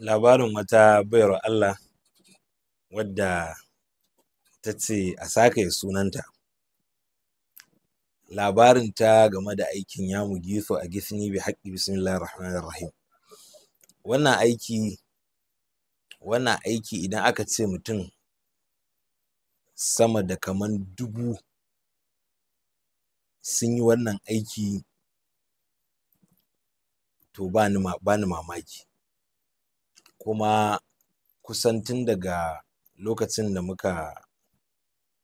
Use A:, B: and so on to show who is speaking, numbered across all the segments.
A: labarin wata bayar Allah wadda ta ce a sake sunanta labarin ta game da aikin yamu gifo a gisni bi haƙƙi bismillahir rahmanir rahim wannan aiki idan aka ce mutum sama da kaman dubu sun yi wannan aiki to ba ni mamaki kuma kusan tun daga lokacin da muka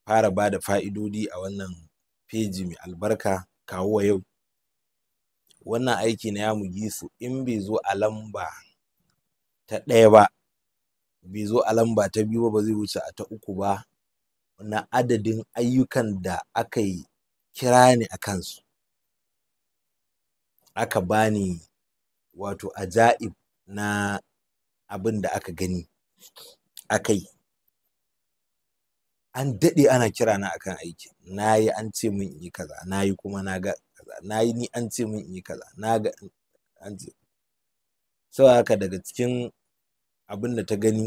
A: fara ba da fa'idodi a wannan feji mai albarka kawo yau wannan aiki na yamu gisu in bai zo a lamba ta ɗaya ba bai zo a lamba ta biyu ba ba zai wuce a ta uku ba na adadin ayyukan da aka yi kira ni a kansu aka bani wato ajaib na abin da aka gani kai, an daɗe ana kira na akan aiki na yi an ce min in yi kaza na yi kuma na ga kaza na yi ni an ce min in yi kaza na ga an ce sau haka daga cikin abin da ta gani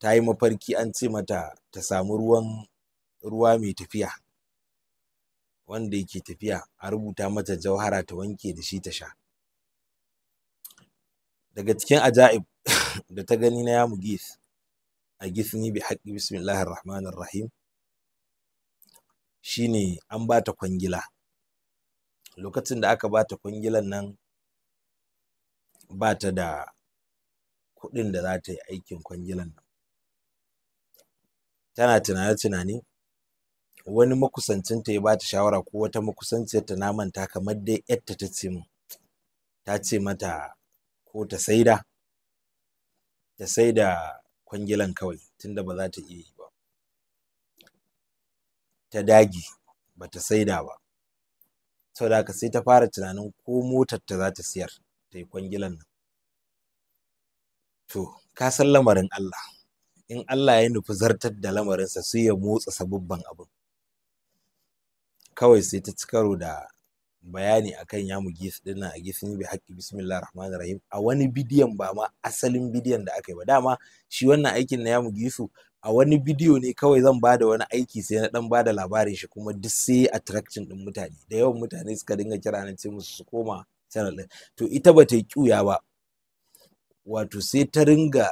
A: ta yi mafarki an ce mata ta samu ruwan ruwa mai tafiya wanda yake tafiya a rubuta mata jauhara ta wanke da shi ta sha daga cikin aja'ib da ta gani na yamu gis a gisni bi haƙi bismillahir rahmanir rahim shine an ba ta kwangila lokacin da aka ba ta kwangilan nan ba ta da kuɗin da za ta yi aikin kwangilan nan tana tunane-tunane wani makusancinta ya ba ta shawara ko wata makusanciyarta na manta kamar dai yarta ta ce mu ta ce mata ko ta saida ta saida kwangilan kawai tunda ba za ta iya yi ba ta dage ba ta saida ba da ka sai ta fara tunanin ko motar ta za ta siyar ta yi kwangilan nan to ka san lamarin Allah in Allah ya nufi zartar da lamarinsa sai ya motsa sabubban abin kawai sai ta ci karo da bayani akan yamu gis din nan a gisin bi haqqi bismillah rahman rahim a wani bidiyon ba ma asalin bidiyon da aka yi ba dama shi wannan aikin na yamu gisu a wani bidiyo ne kawai zan ba da wani aiki sai na dan da labarin shi kuma duk sai attraction din mutane da yawan mutane suka dinga kira na ce musu su koma channel din to ita ba ta yi kyuya ba wato sai ta ringa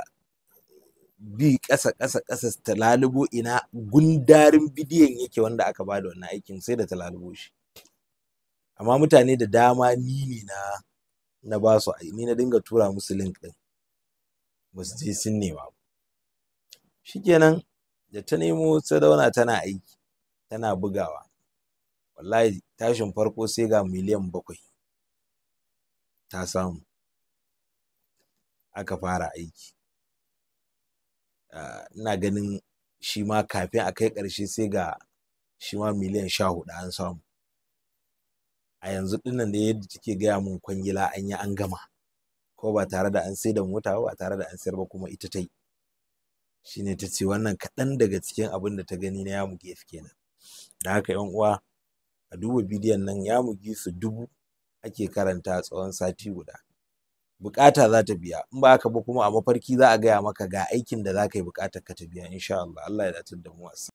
A: bi ƙasa ƙasa ƙasa ta lalubo ina gundarin bidiyon yake wanda aka ba da wannan aikin sai da ta lalubo shi amma mutane da dama ni ne na na ba su ni na dinga tura musu link din ba su je sun nema ba shikenan da ta nemo sadauna tana aiki tana bugawa wallahi tashin farko sai ga miliyan bakwai ta samu aka fara aiki ah, ina ganin shi ma kafin a kai ƙarshe sai ga shi ma miliyan sha hudu an samu a yanzu dinnan da yadda take gaya mun kwangila an yi an gama ko ba tare da an saida mota ba tare da an sayar ba kuma ita ta yi shine ta ce wannan kaɗan daga cikin abin da ta gani na yamugi kenan da haka yan uwa a duba bidiyon nan yamugi su dubu ake karanta tsawon sati guda bukata za ta biya in ba haka ba kuma a mafarki za a gaya maka ga aikin da za ka yi bukatar ka ta biya insha Allah Allah ya datar da mu